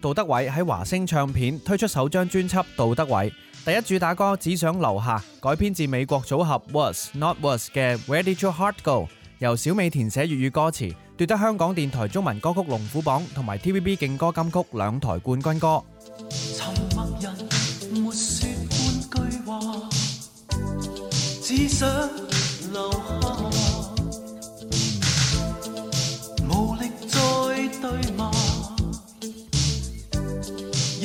杜德偉喺華星唱片推出首張專輯《杜德偉》，第一主打歌《只想留下》改編自美國組合 Was Not Was 嘅 Where Did Your Heart Go，由小美填寫粵語歌詞，奪得香港電台中文歌曲龍虎榜同埋 TVB 勁歌金曲兩台冠軍歌。沉默人沒說半句話，只想留下無力再對罵。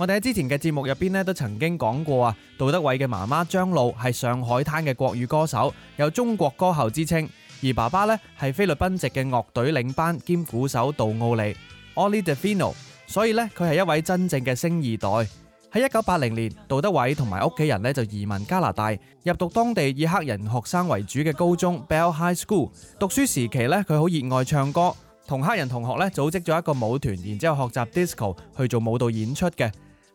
我哋喺之前嘅節目入邊咧都曾經講過啊，杜德偉嘅媽媽張露係上海灘嘅國語歌手，有中國歌后之稱；而爸爸咧係菲律賓籍嘅樂隊領班兼鼓手杜奧利 （Oli d e f i n o 所以咧佢係一位真正嘅星二代。喺一九八零年，杜德偉同埋屋企人咧就移民加拿大，入讀當地以黑人學生為主嘅高中 Bell High School。讀書時期咧佢好熱愛唱歌，同黑人同學咧組織咗一個舞團，然之後學習 disco 去做舞蹈演出嘅。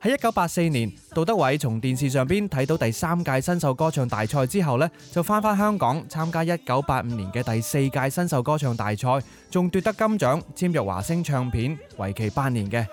喺一九八四年，杜德偉從電視上邊睇到第三屆新秀歌唱大賽之後呢，就翻返香港參加一九八五年嘅第四屆新秀歌唱大賽，仲奪得金獎，簽約華星唱片，為期八年嘅。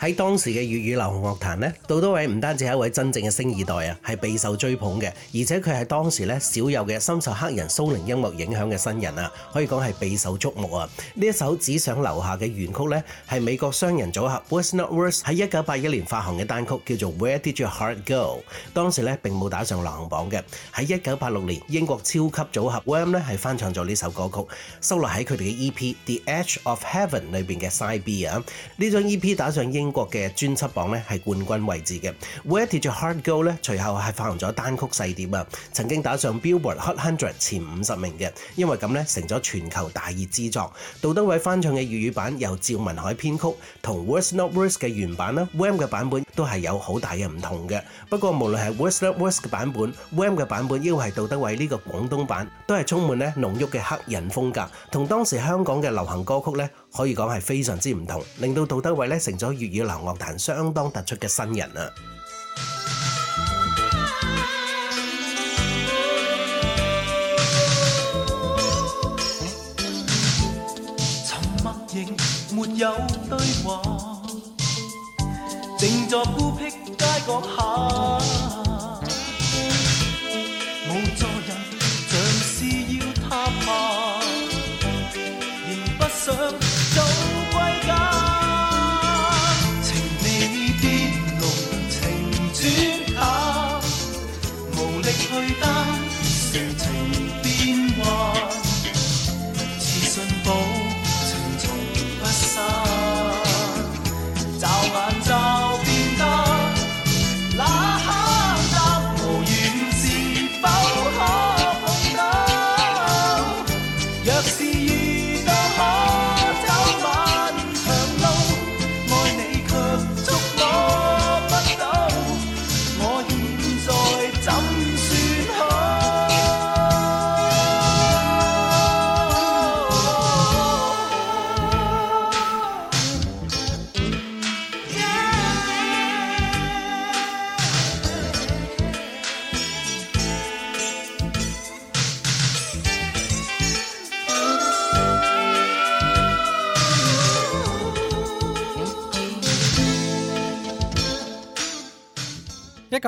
喺當時嘅粵語流行樂壇呢，杜德偉唔單止係一位真正嘅星二代啊，係備受追捧嘅，而且佢係當時呢少有嘅深受黑人騷靈音樂影響嘅新人啊，可以講係備受矚目啊！呢一首只想留下嘅原曲呢，係美國雙人組合 Worst Not Worst 喺一九八一年發行嘅單曲叫做 Where Did Your Heart Go，當時呢並冇打上流行榜嘅。喺一九八六年，英國超級組合 Wham 呢係翻唱咗呢首歌曲，收落喺佢哋嘅 EP The Edge of Heaven 裏邊嘅 Side B 啊，呢張 EP 打上英中國嘅專輯榜咧係冠軍位置嘅。Where did your heart go 咧？隨後係發行咗單曲細碟啊，曾經打上 Billboard Hot Hundred 前五十名嘅。因為咁咧，成咗全球大熱之作。杜德偉翻唱嘅粵語版由趙文海編曲，同 Was Not Was 嘅原版啦，Wham 嘅版本都係有好大嘅唔同嘅。不過無論係 Was Not Was 嘅版本，Wham 嘅版本，抑或係杜德偉呢個廣東版，都係充滿咧濃郁嘅黑人風格，同當時香港嘅流行歌曲咧，可以講係非常之唔同，令到杜德偉咧成咗粵語流行樂壇相當突出嘅新人啊！沉默仍沒有對話，靜坐孤僻街角下。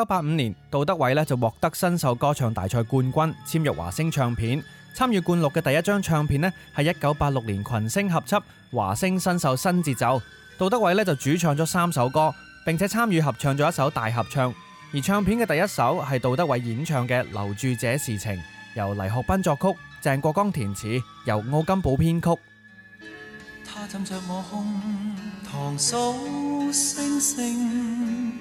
一九八五年，杜德偉咧就獲得新秀歌唱大賽冠軍，簽約華星唱片。參與灌錄嘅第一張唱片咧，係一九八六年群星合輯《華星新秀新節奏》。杜德偉咧就主唱咗三首歌，並且參與合唱咗一首大合唱。而唱片嘅第一首係杜德偉演唱嘅《留住這時情》，由黎學斌作曲，鄭國江填詞，由奧金寶編曲。他枕着我胸膛數星星。」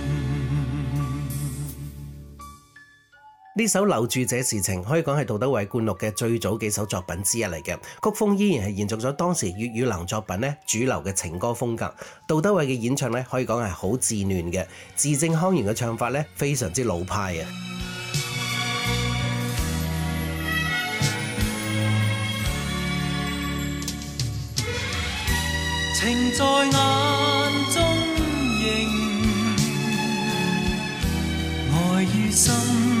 呢首留住這時情可以講係杜德偉灌錄嘅最早幾首作品之一嚟嘅，曲風依然係延續咗當時粵語能作品咧主流嘅情歌風格。杜德偉嘅演唱咧，可以講係好自戀嘅，字正腔圓嘅唱法咧非常之老派啊！情在眼中映，愛於心。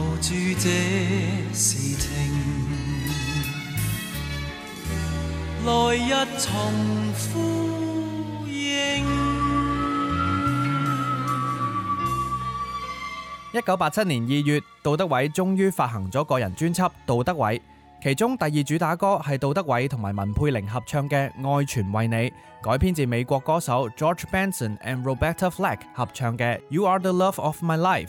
住這時情，來日重呼應。一九八七年二月，杜德偉終於發行咗個人專輯《杜德偉》，其中第二主打歌係杜德偉同埋文佩玲合唱嘅《愛全為你》，改編自美國歌手 George Benson and Roberta Flack 合唱嘅《You Are the Love of My Life》。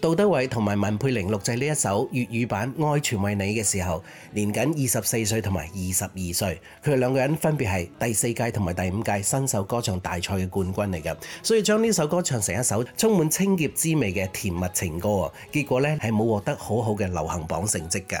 杜德偉同埋文佩玲錄製呢一首粵語版《愛全為你的》嘅時候，年僅二十四歲同埋二十二歲，佢哋兩個人分別係第四屆同埋第五屆新秀歌唱大賽嘅冠軍嚟嘅，所以將呢首歌唱成一首充滿青澀滋味嘅甜蜜情歌啊！結果呢係冇獲得很好好嘅流行榜成績嘅。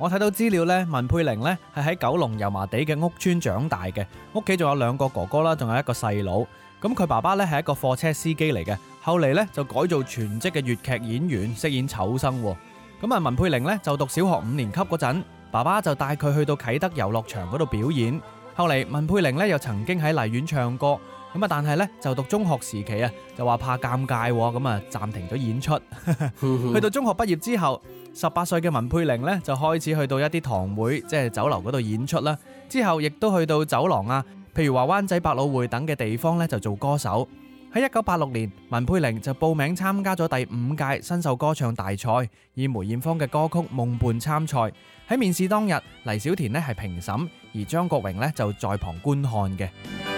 我睇到資料咧，文佩玲咧係喺九龍油麻地嘅屋村長大嘅，屋企仲有兩個哥哥啦，仲有一個細佬。咁佢爸爸咧係一個貨車司機嚟嘅，後嚟咧就改做全職嘅粵劇演員，飾演丑生。咁啊，文佩玲咧就讀小學五年級嗰陣，爸爸就帶佢去到啟德遊樂場嗰度表演。後嚟文佩玲咧又曾經喺荔園唱歌。咁啊！但係咧，就讀中學時期啊，就話怕尷尬，咁啊暫停咗演出。 去到中學畢業之後，十八歲嘅文佩玲呢，就開始去到一啲堂會、即係酒樓嗰度演出啦。之後亦都去到酒廊啊，譬如話灣仔百老匯等嘅地方咧，就做歌手。喺一九八六年，文佩玲就報名參加咗第五屆新秀歌唱大賽，以梅艷芳嘅歌曲《夢伴》參賽。喺面試當日，黎小田呢，係評審，而張國榮呢，就在旁觀看嘅。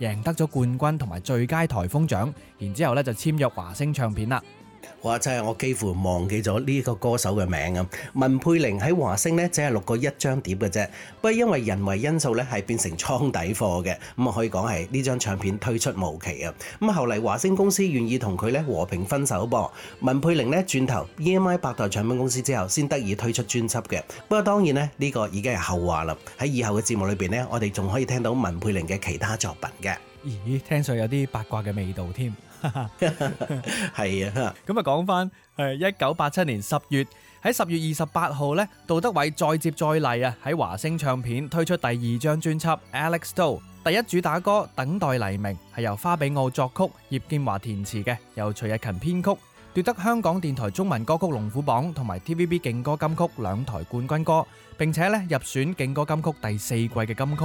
贏得咗冠軍同埋最佳台風獎，然後就簽約華星唱片喇話真係我幾乎忘記咗呢個歌手嘅名啊！文佩玲喺華星呢，只係錄過一張碟嘅啫，不過因為人為因素呢，係變成倉底貨嘅，咁可以講係呢張唱片推出無期啊！咁後嚟華星公司願意同佢和平分手噃，文佩玲呢轉頭 EMI 百代唱片公司之後，先得以推出專輯嘅。不過當然呢，呢個已經係後話啦。喺以後嘅節目裏邊呢，我哋仲可以聽到文佩玲嘅其他作品嘅。咦，聽上有啲八卦嘅味道添。係啊，咁啊講翻，係一九八七年十月喺十月二十八號咧，杜德偉再接再厲啊，喺華星唱片推出第二張專輯《Alex Two》，第一主打歌《等待黎明》係由花比奧作曲、葉健華填詞嘅，由徐日勤編曲，奪得香港電台中文歌曲龍虎榜同埋 TVB 勁歌金曲兩台冠軍歌，並且咧入選勁歌金曲第四季嘅金曲。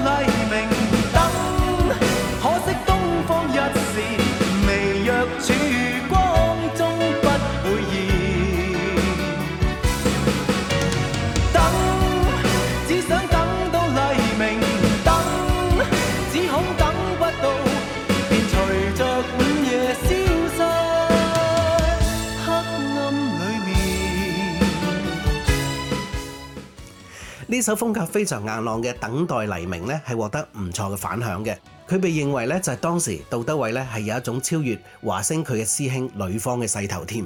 呢首風格非常硬朗嘅《等待黎明》呢係獲得唔錯嘅反響嘅。佢被認為呢就係當時杜德偉呢係有一種超越華星佢嘅師兄女方嘅勢頭添。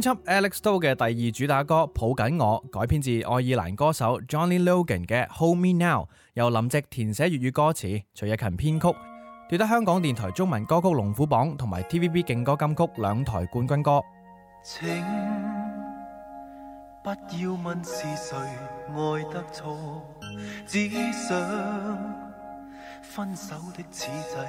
輯 Alex Do 嘅第二主打歌《抱緊我》，改編自愛爾蘭歌手 Johnny Logan 嘅《Hold Me Now》，由林夕填寫粵語歌詞，徐日勤編曲，奪得香港電台中文歌曲龍虎榜同埋 TVB 勁歌金曲兩台冠軍歌。請不要問是誰愛得錯，只想分手的此際。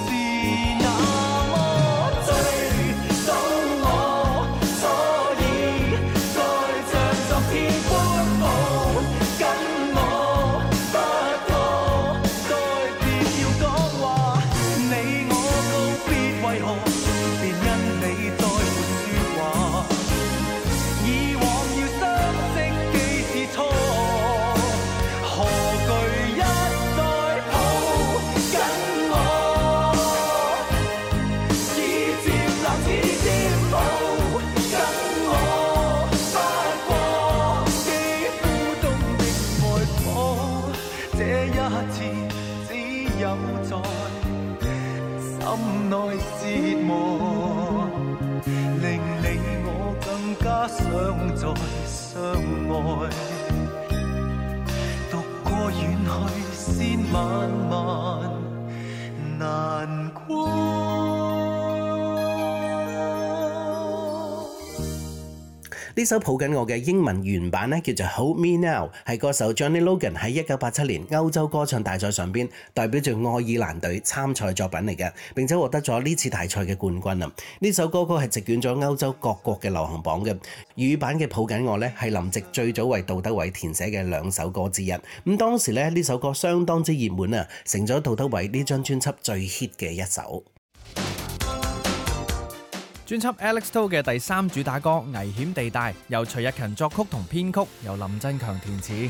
呢首抱緊我嘅英文原版咧，叫做《Hold Me Now》，係歌手 Johnny Logan 喺一九八七年歐洲歌唱大賽上邊代表住愛爾蘭隊參賽作品嚟嘅，並且獲得咗呢次大賽嘅冠軍啊！呢首歌曲係席捲咗歐洲各國嘅流行榜嘅。粵語版嘅抱緊我咧，係林夕最早為杜德偉填寫嘅兩首歌之一。咁當時咧呢首歌相當之熱門啊，成咗杜德偉呢張專輯最 hit 嘅一首。專輯 Alex To 嘅第三主打歌《危險地帶》，由徐日勤作曲同編曲，由林振強填詞。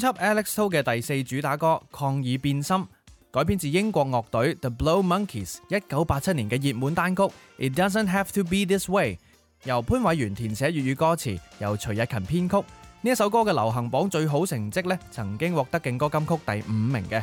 輯 Alex To 嘅第四主打歌《抗議變心》，改編自英國樂隊 The Blow Monkeys 一九八七年嘅熱門單曲《It Doesn't Have To Be This Way》，由潘偉源填寫粵語歌詞，由徐日勤編曲。呢一首歌嘅流行榜最好成績呢，曾經獲得勁歌金曲第五名嘅。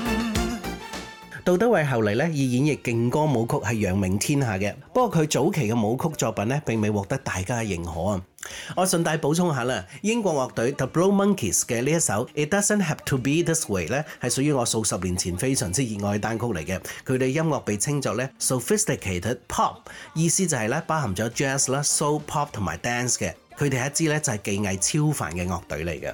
杜德偉後嚟咧以演繹勁歌舞曲係揚名天下嘅，不過佢早期嘅舞曲作品咧並未獲得大家嘅認可啊！我順帶補充一下啦，英國樂隊 The Blow Monkeys 嘅呢一首 It Doesn't Have To Be This Way 咧係屬於我數十年前非常之熱愛嘅單曲嚟嘅，佢哋音樂被稱作咧 Sophisticated Pop，意思就係咧包含咗 jazz 啦、soul pop 同埋 dance 嘅，佢哋係一支咧就係技藝超凡嘅樂隊嚟嘅。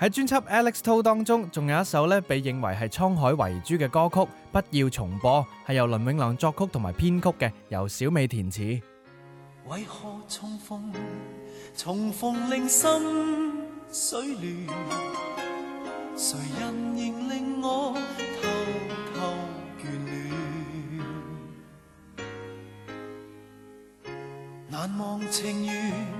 喺專輯 Alex To 當中，仲有一首呢被認為係滄海遺珠嘅歌曲《不要重播》，係由林永亮作曲同埋編曲嘅，由小美填詞。為何重逢？重逢令心水亂，誰人仍令我偷偷眷戀？難忘情緣。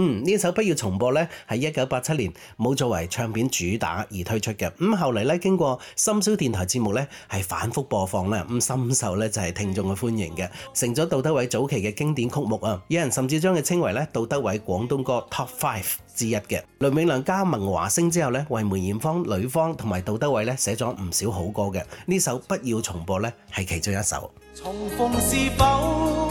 嗯，呢首不要重播呢，喺一九八七年冇作為唱片主打而推出嘅。咁後嚟呢，經過深宵電台節目呢，係反覆播放呢，咁深受呢，就係聽眾嘅歡迎嘅，成咗杜德偉早期嘅經典曲目啊！有人甚至將佢稱為呢杜德偉廣東歌 Top Five 之一嘅。雷永良加盟華星之後呢，為梅艷芳、呂方同埋杜德偉呢寫咗唔少好歌嘅，呢首不要重播呢，係其中一首。重逢是否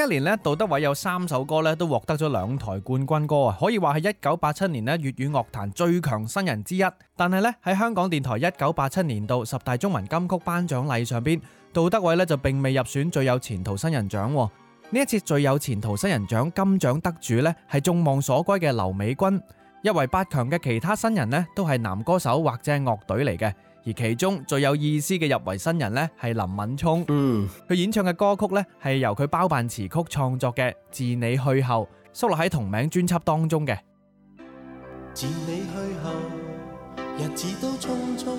這一年咧，杜德偉有三首歌咧，都獲得咗兩台冠軍歌啊，可以話係一九八七年呢粵語樂壇最強新人之一。但係咧，喺香港電台一九八七年度十大中文金曲頒獎禮上邊，杜德偉咧就並未入選最有前途新人獎。呢一次最有前途新人獎金獎得主咧係眾望所歸嘅劉美君，入圍八強嘅其他新人呢，都係男歌手或者樂隊嚟嘅。而其中最有意思嘅入圍新人呢，係林敏驄。嗯，佢演唱嘅歌曲呢，係由佢包辦詞曲創作嘅《自你去後》，收錄喺同名專輯當中嘅。自你去後，日子都匆匆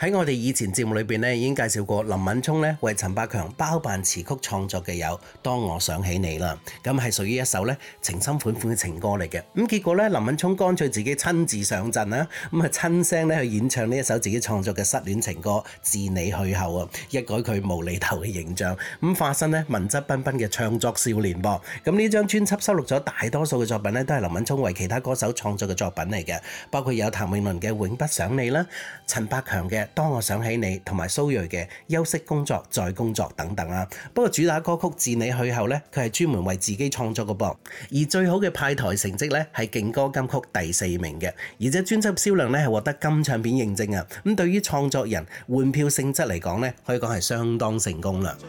喺我哋以前節目裏邊咧，已經介紹過林敏驄咧為陳百強包辦詞曲創作嘅有《當我想起你》啦，咁係屬於一首咧情深款款嘅情歌嚟嘅。咁結果咧，林敏驄乾脆自己親自上陣啦，咁啊親聲咧去演唱呢一首自己創作嘅失戀情歌《自你去後》啊，一改佢無厘頭嘅形象，咁化身咧文質彬彬嘅創作少年噃。咁呢張專輯收錄咗大多數嘅作品咧，都係林敏驄為其他歌手創作嘅作品嚟嘅，包括有譚詠麟嘅《永不想你》啦。陳百強嘅《當我想起你》同埋蘇芮嘅《休息工作再工作》等等啊，不過主打歌曲《自你去後》呢，佢係專門為自己創作嘅噃，而最好嘅派台成績呢，係勁歌金曲第四名嘅，而且專輯銷量呢係獲得金唱片認證啊，咁對於創作人換票性質嚟講呢，可以講係相當成功啦。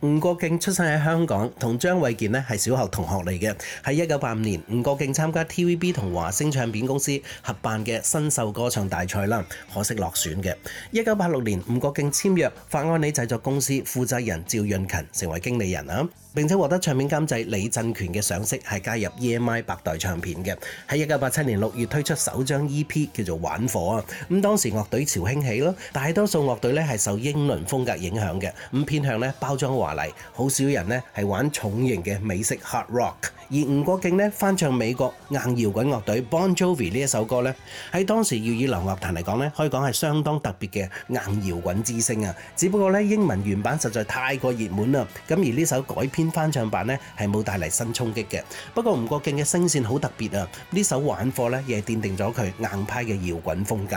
吳國敬出生喺香港，同張衛健咧係小學同學嚟嘅。喺一九八五年，吳國敬參加 TVB 同華星唱片公司合辦嘅新秀歌唱大賽啦，可惜落選嘅。一九八六年，吳國敬簽約法安理製作公司，負責人趙潤勤成為經理人啊，並且獲得唱片監製李振權嘅賞識，係加入 EMI 百代唱片嘅。喺一九八七年六月推出首張 EP，叫做《玩火》啊。咁當時樂隊潮興起咯，大多數樂隊咧係受英倫風格影響嘅，咁偏向咧包裝和。嚟好少人咧係玩重型嘅美式 hard rock，而吳國敬咧翻唱美國硬搖滾樂隊 Bon Jovi 呢一首歌咧，喺當時粵語流行樂壇嚟講咧，可以講係相當特別嘅硬搖滾之星啊！只不過咧，英文原版實在太過熱門啦，咁而呢首改編翻唱版咧係冇帶嚟新衝擊嘅。不過吳國敬嘅聲線好特別啊，呢首玩火呢亦係奠定咗佢硬派嘅搖滾風格。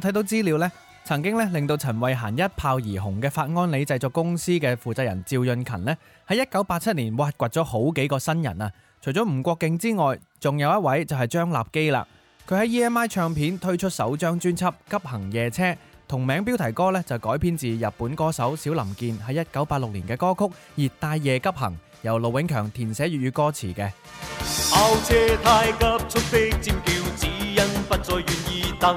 睇到資料咧，曾經咧令到陳慧嫻一炮而紅嘅法安理製作公司嘅負責人趙潤勤咧，喺1987年挖掘咗好幾個新人啊，除咗吳國敬之外，仲有一位就係張立基啦。佢喺 EMI 唱片推出首張專輯《急行夜車》，同名標題歌咧就改編自日本歌手小林健喺1986年嘅歌曲《熱帶夜急行》，由盧永強填寫粵語歌詞嘅。車太急速的尖叫，只因不再願意等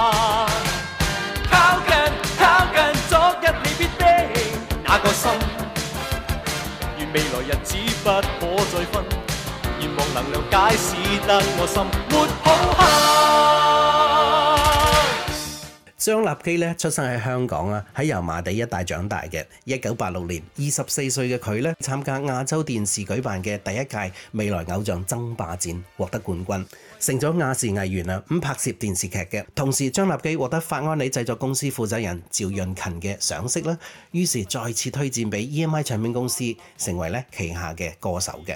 不可再分，望能量解，使得我心。張立基咧出生喺香港啦，喺油麻地一帶長大嘅。一九八六年，二十四歲嘅佢咧參加亞洲電視舉辦嘅第一屆未來偶像爭霸戰，獲得冠軍。成咗亞視藝員啦，咁拍攝電視劇嘅，同時張立基獲得法安里製作公司負責人趙潤勤嘅賞識啦，於是再次推薦俾 EMI 唱片公司，成為咧旗下嘅歌手嘅。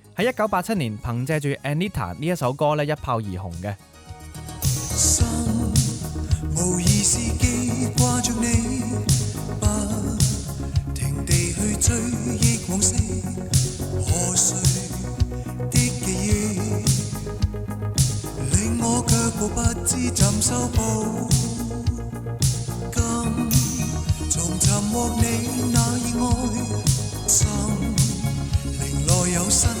喺一九八七年，憑借住《Anita》呢一首歌咧，一炮而紅嘅。心無意思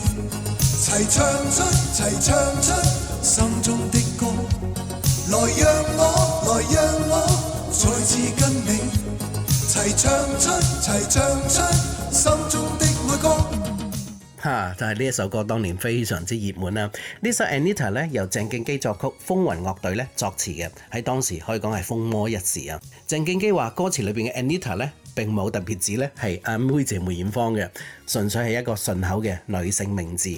齊唱出，齊唱出心中的歌，來讓我，來讓我再次跟你齊唱出，齊唱出心中的愛歌。哈、啊，就係呢一首歌，當年非常之熱門啊！呢首《Anita》咧，由鄭敬基作曲，風雲樂隊咧作詞嘅，喺當時可以講係風魔一時啊！鄭敬基話歌詞裏邊嘅 Anita 咧。並冇特別指咧，係阿梅姐梅艷芳嘅，純粹係一個順口嘅女性名字。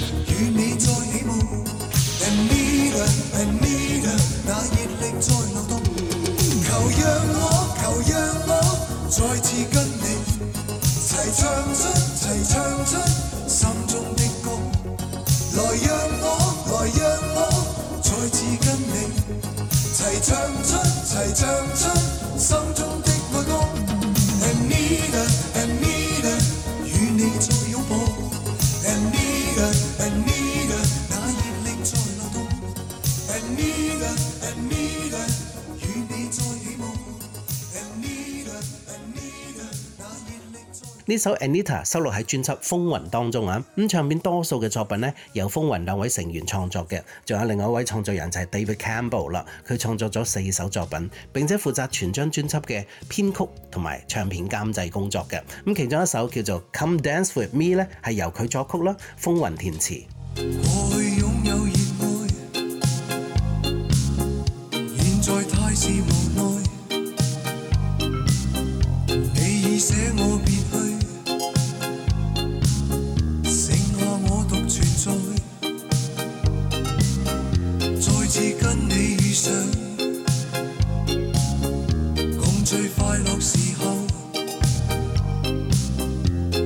呢首 Anita 收錄喺專輯《風雲》當中啊，咁唱片多數嘅作品呢，由《風雲》兩位成員創作嘅，仲有另外一位創作人就係 David Campbell 啦，佢創作咗四首作品，並且負責全張專輯嘅編曲同埋唱片監製工作嘅。咁其中一首叫做《Come Dance With Me》呢，係由佢作曲啦，《風雲》填詞。我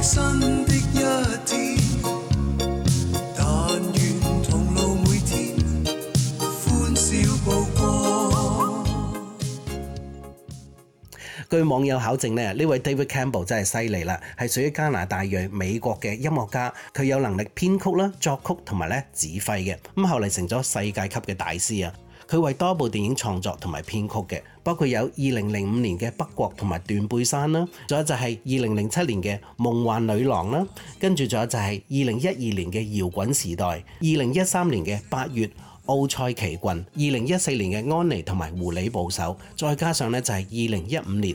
新的一天，但願同路每天歡笑曝光。據網友考證呢，呢位 David Campbell 真係犀利啦，係屬於加拿大裔美國嘅音樂家，佢有能力編曲啦、作曲同埋咧指揮嘅，咁後嚟成咗世界級嘅大師啊！佢為多部電影創作同埋編曲嘅，包括有二零零五年嘅《北國》同埋《斷背山》啦，仲有就係二零零七年嘅《夢幻女郎》啦，跟住仲有就係二零一二年嘅《搖滾時代》，二零一三年嘅《八月奧賽奇郡》，二零一四年嘅《安妮》同埋《狐狸捕手》，再加上咧就係二零一五年，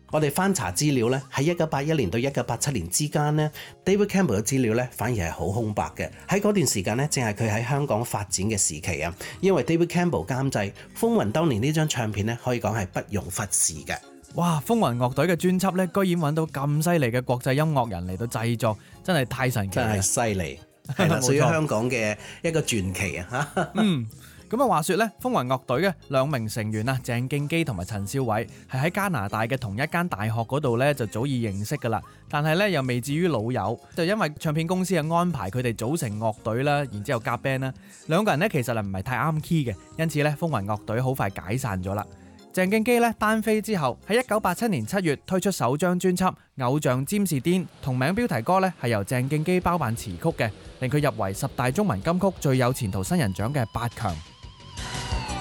我哋翻查資料咧，喺一九八一年到一九八七年之間呢 David Campbell 嘅資料咧反而係好空白嘅。喺嗰段時間呢，正係佢喺香港發展嘅時期啊。因為 David Campbell 監製《風雲當年》呢張唱片呢，可以講係不容忽視嘅。哇！風雲樂隊嘅專輯咧，居然揾到咁犀利嘅國際音樂人嚟到製作，真係太神奇了，真係犀利，係 啦，屬於香港嘅一個傳奇啊！ 嗯。咁啊！話說咧，風雲樂隊嘅兩名成員啊，鄭敬基同埋陳少偉係喺加拿大嘅同一間大學嗰度咧，就早已認識噶啦。但係咧，又未至於老友，就因為唱片公司嘅安排，佢哋組成樂隊啦，然之後夾 band 啦。兩個人咧其實唔係太啱 key 嘅，因此咧風雲樂隊好快解散咗啦。鄭敬基咧單飛之後，喺一九八七年七月推出首張專輯《偶像占士甸》，同名標題歌咧係由鄭敬基包辦詞曲嘅，令佢入圍十大中文金曲最有前途新人獎嘅八強。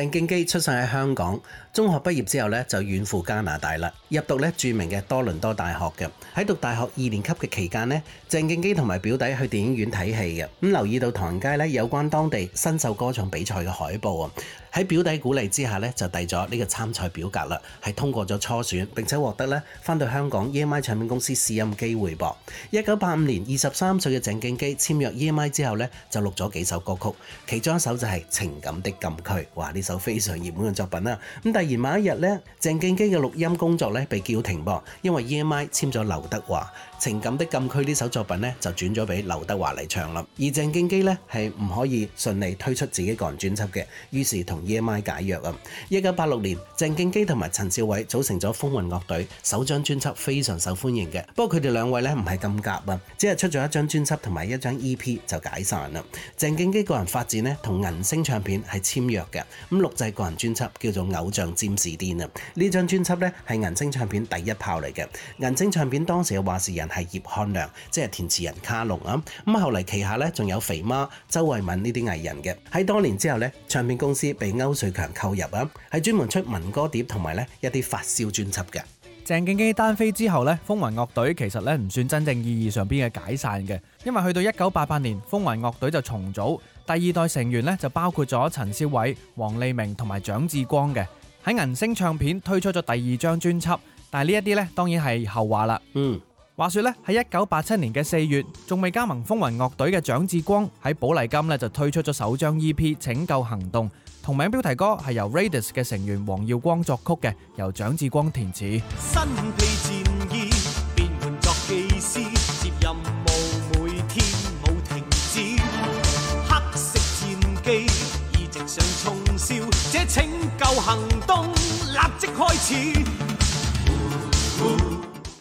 鄭敬基出生喺香港，中學畢業之後呢就遠赴加拿大啦，入讀咧著名嘅多倫多大學嘅，喺讀大學二年級嘅期間咧，鄭敬基同埋表弟去電影院睇戲嘅，咁留意到唐人街咧有關當地新秀歌唱比賽嘅海報啊，喺表弟鼓勵之下咧就遞咗呢個參賽表格啦，係通過咗初選並且獲得咧翻到香港 EMI 唱片公司試音嘅機會噃。一九八五年二十三歲嘅鄭敬基簽約 EMI 之後咧就錄咗幾首歌曲，其中一首就係、是《情感的禁區》。哇呢首非常熱門嘅作品啦。咁突然某一日咧，鄭敬基嘅錄音工作咧。被叫停噃，因為 EMI 簽咗劉德華。情感的禁區呢首作品呢，就轉咗俾劉德華嚟唱啦。而鄭敬基呢，係唔可以順利推出自己個人專輯嘅，於是同 EMI 解約啊。一九八六年，鄭敬基同埋陳少偉組成咗風雲樂隊，首張專輯非常受歡迎嘅。不過佢哋兩位呢，唔係咁夾啊，只係出咗一張專輯同埋一張 EP 就解散啦。鄭敬基個人發展呢，同銀星唱片係簽約嘅，咁錄製個人專輯叫做《偶像占士甸》啊。呢張專輯呢，係銀星唱片第一炮嚟嘅。銀星唱片當時嘅話事人，係葉漢良，即係填詞人卡龍啊。咁後嚟旗下咧，仲有肥媽、周慧敏呢啲藝人嘅。喺多年之後呢，唱片公司被歐瑞強購入啊，係專門出民歌碟同埋咧一啲發燒專輯嘅。鄭敬基單飛之後呢，風雲樂隊其實咧唔算真正意義上邊嘅解散嘅，因為去到一九八八年，風雲樂隊就重組，第二代成員咧就包括咗陳少偉、黃利明同埋蔣志光嘅。喺銀星唱片推出咗第二張專輯，但係呢一啲咧當然係後話啦。嗯。話說咧，喺一九八七年嘅四月，仲未加盟風雲樂隊嘅蔣志光喺寶麗金呢就推出咗首張 EP《拯救行動》，同名標題歌係由 Radius 嘅成員黃耀光作曲嘅，由蔣志光填詞。身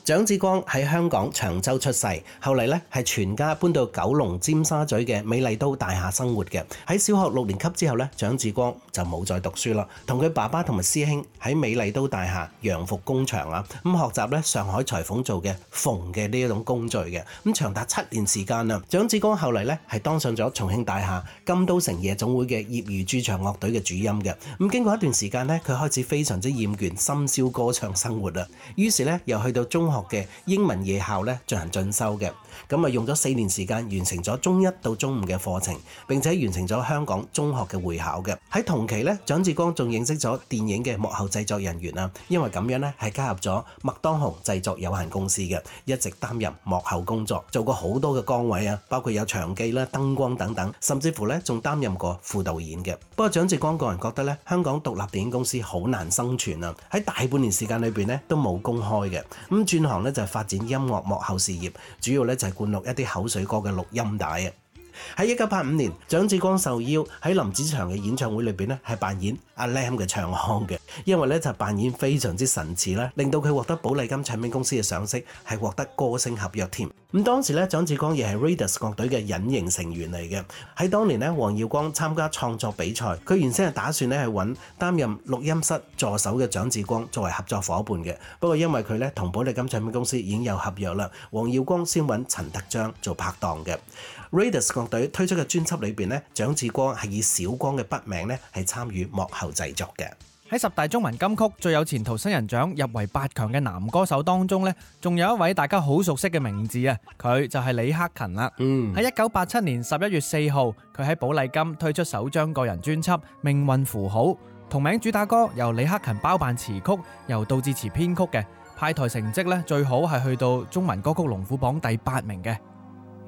蔣志光喺香港長洲出世，後嚟咧係全家搬到九龍尖沙咀嘅美麗都大廈生活嘅。喺小學六年級之後咧，蔣志光就冇再讀書啦，同佢爸爸同埋師兄喺美麗都大廈洋服工場啊，咁學習咧上海裁縫做嘅縫嘅呢一種工序嘅。咁長達七年時間啊，蔣志光後嚟咧係當上咗重慶大廈金都城夜總會嘅業餘駐場樂隊嘅主音嘅。咁經過一段時間咧，佢開始非常之厭倦深宵歌唱生活啦，於是咧又去到中學嘅英文夜校咧進行進修嘅，咁啊用咗四年時間完成咗中一到中五嘅課程，並且完成咗香港中學嘅會考嘅。喺同期咧，蔣志光仲認識咗電影嘅幕後製作人員啊，因為咁樣咧係加入咗麥當雄製作有限公司嘅，一直擔任幕後工作，做過好多嘅崗位啊，包括有場記啦、燈光等等，甚至乎咧仲擔任過副導演嘅。不過蔣志光個人覺得咧，香港獨立電影公司好難生存啊，喺大半年時間裏邊咧都冇公開嘅。咁行就係發展音樂幕後事業，主要就係灌錄一啲口水歌嘅錄音帶。在喺一九八五年，蔣志光受邀喺林子祥嘅演唱會裏面咧扮演。阿 Lam 嘅唱腔嘅，因為咧就扮演非常之神似啦，令到佢獲得寶麗金唱片公司嘅賞識，係獲得歌星合約添。咁當時咧，蔣志光亦係 Raiders 樂隊嘅隱形成員嚟嘅。喺當年咧，黃耀光參加創作比賽，佢原先係打算咧係揾擔任錄音室助手嘅蔣志光作為合作伙伴嘅。不過因為佢咧同寶麗金唱片公司已經有合約啦，黃耀光先揾陳德章做拍檔嘅。Raiders 樂隊推出嘅專輯裏邊咧，蔣志光係以小光嘅筆名咧係參與幕後。製作嘅。喺十大中文金曲最有前途新人獎入圍八強嘅男歌手當中呢，仲有一位大家好熟悉嘅名字啊！佢就係李克勤啦。嗯，喺一九八七年十一月四號，佢喺寶麗金推出首張個人專輯《命運符號》，同名主打歌由李克勤包辦詞曲，由杜自持編曲嘅，派台成績呢，最好係去到中文歌曲龍虎榜第八名嘅。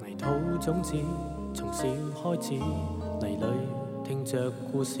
泥土種子》從小開始，泥裡聽着故事。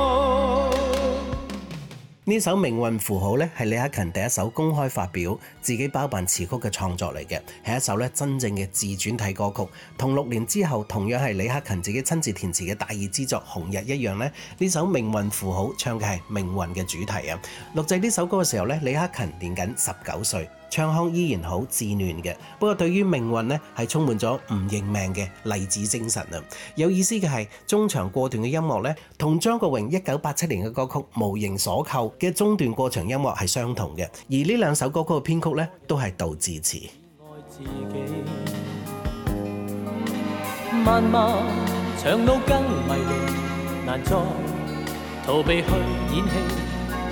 呢首《命運符號》係李克勤第一首公開發表自己包辦詞曲嘅創作嚟嘅，係一首真正嘅自傳體歌曲，同六年之後同樣係李克勤自己親自填詞嘅大意之作《紅日》一樣咧。呢首《命運符號》唱嘅係命運嘅主題啊！錄製呢首歌嘅時候，李克勤年僅十九歲。唱腔依然好稚嫩嘅，不過對於命運呢係充滿咗唔認命嘅勵志精神啊！有意思嘅係，中場過段嘅音樂呢，同張國榮一九八七年嘅歌曲《無形鎖扣》嘅中段過場音樂係相同嘅，而呢兩首歌曲嘅編曲呢，都係杜自持。慢慢長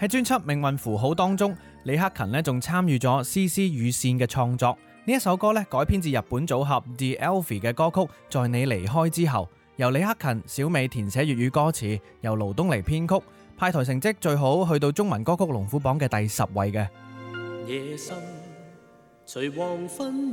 喺專輯《命運符號》當中，李克勤咧仲參與咗《絲絲雨線》嘅創作。呢一首歌咧改編自日本組合 The Alfee 嘅歌曲《在你離開之後》，由李克勤、小美填寫粵語歌詞，由盧東尼編曲，派台成績最好，去到中文歌曲龍虎榜嘅第十位嘅。夜深隨黃昏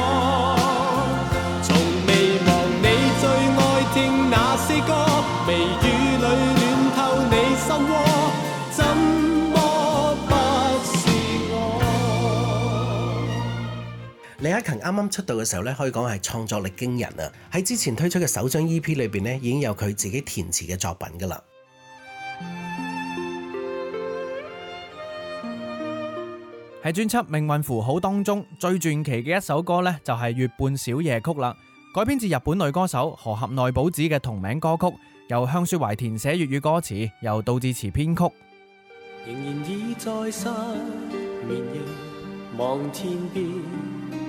阿勤啱啱出道嘅時候咧，可以講係創作力驚人啊！喺之前推出嘅首張 EP 裏邊咧，已經有佢自己填詞嘅作品㗎啦。喺專輯《命運符號》當中，最傳奇嘅一首歌呢就係、是《月半小夜曲》啦。改編自日本女歌手河合奈保子嘅同名歌曲，由向雪懷填寫粵語歌詞，由杜自持編曲。仍然倚在失眠夜，望天邊。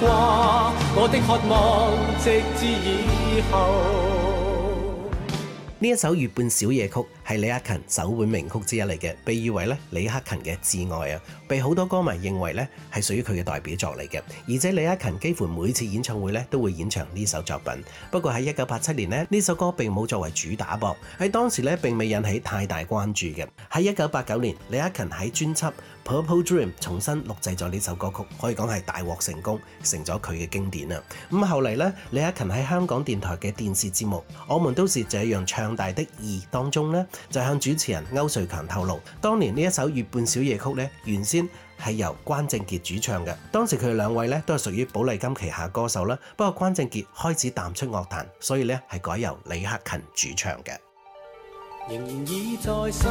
我的渴望直至以後呢一首《月半小夜曲》係李克勤首本名曲之一嚟嘅，被譽為咧李克勤嘅至愛啊，被好多歌迷認為咧係屬於佢嘅代表作嚟嘅。而且李克勤幾乎每次演唱會咧都會演唱呢首作品。不過喺一九八七年呢，呢首歌並冇作為主打噃，喺當時咧並未引起太大關注嘅。喺一九八九年，李克勤喺專輯。Popo Dream 重新錄製咗呢首歌曲，可以講係大獲成功，成咗佢嘅經典啦。咁後嚟呢，李克勤喺香港電台嘅電視節目《我們都是這樣唱大的二》當中呢，就向主持人歐瑞強透露，當年呢一首《月半小夜曲》呢，原先係由關正傑主唱嘅。當時佢哋兩位呢，都係屬於寶麗金旗下歌手啦，不過關正傑開始淡出樂壇，所以呢，係改由李克勤主唱嘅。仍然已在生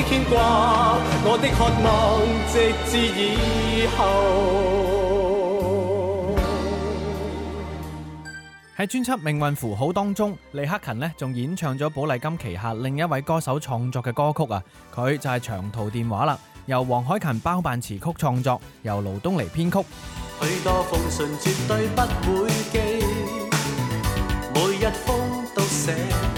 我的渴望，以喺專輯《命運符號》當中，李克勤呢仲演唱咗寶麗金旗下另一位歌手創作嘅歌曲啊，佢就係《長途電話》啦，由黃凱芹包辦詞曲創作，由盧東尼編曲。多絕對不每日風都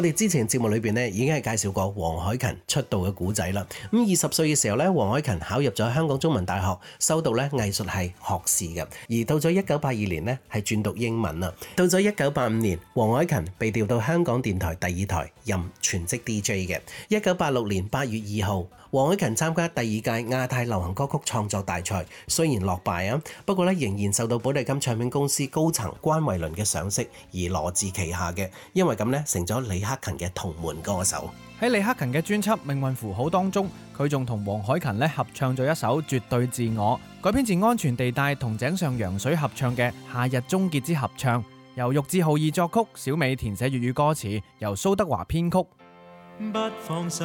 我哋之前節目裏邊咧，已經係介紹過黃凱芹出道嘅古仔啦。咁二十歲嘅時候咧，黃凱芹考入咗香港中文大學，修讀咧藝術系學士嘅。而到咗一九八二年咧，係轉讀英文啦。到咗一九八五年，黃凱芹被調到香港電台第二台任全職 DJ 嘅。一九八六年八月二號。黃凱芹參加第二屆亞太流行歌曲創作大賽，雖然落敗啊，不過咧仍然受到寶麗金唱片公司高層關維倫嘅賞識，而羅致旗下嘅，因為咁呢成咗李克勤嘅同門歌手。喺李克勤嘅專輯《命運符號》當中，佢仲同黃凱芹合唱咗一首《絕對自我》，改編自《安全地帶》同井上陽水合唱嘅《夏日終結之合唱》，由玉置浩二作曲，小美填寫粵語歌詞，由蘇德華編曲。不放手。」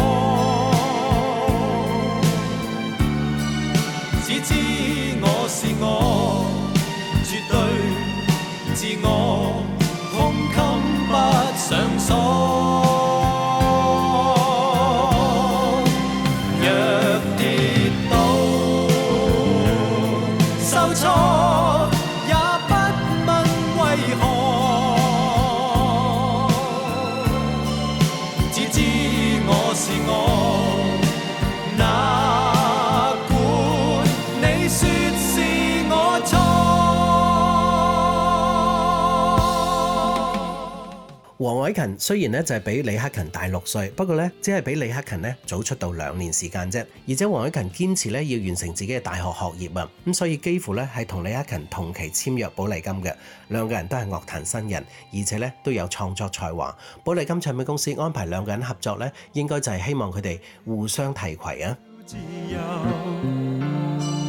黃凱芹雖然咧就係比李克勤大六歲，不過咧只係比李克勤咧早出道兩年時間啫，而且黃凱芹堅持咧要完成自己嘅大學學業啊，咁所以幾乎咧係同李克勤同期簽約寶麗金嘅，兩個人都係樂壇新人，而且咧都有創作才華，寶麗金唱片公司安排兩個人合作咧，應該就係希望佢哋互相提攜啊。自由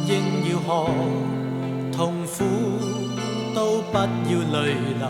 應要學痛苦都不要淚流。」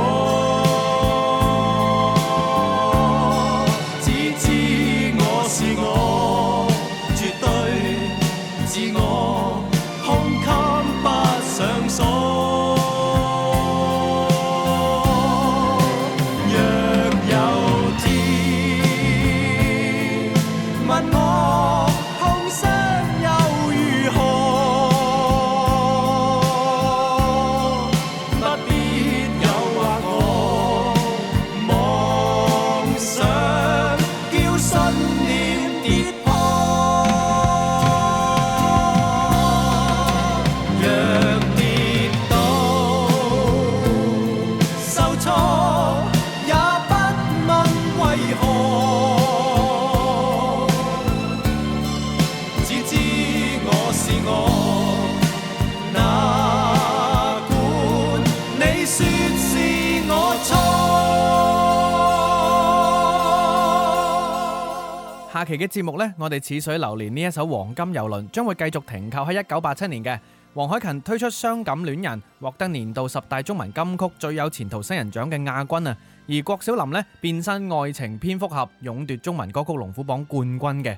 期嘅節目呢，我哋似水流年呢一艘《黃金遊輪》將會繼續停靠喺一九八七年嘅。黃凱芹推出傷感戀人，獲得年度十大中文金曲最有前途新人獎嘅亞軍啊。而郭小霖呢，變身愛情蝙蝠俠，勇奪中文歌曲龍虎榜冠、冠軍嘅。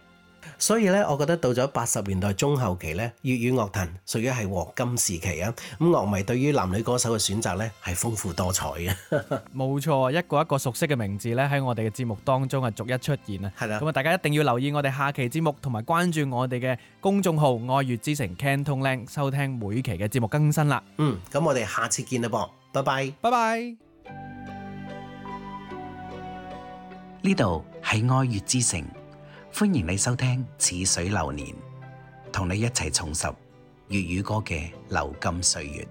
所以咧，我覺得到咗八十年代中後期咧，粵語樂壇屬於係黃金時期啊。咁樂迷對於男女歌手嘅選擇咧，係豐富多彩嘅。冇 錯，一個一個熟悉嘅名字咧，喺我哋嘅節目當中係逐一出現啊。係啦。咁啊，大家一定要留意我哋下期節目，同埋關注我哋嘅公眾號《愛粵之城 CantonLand》，收聽每期嘅節目更新啦。嗯，咁我哋下次見啦噃，拜拜，拜拜。呢度係愛粵之城。歡迎你收聽《似水流年》，同你一齊重拾粵語歌嘅流金歲月。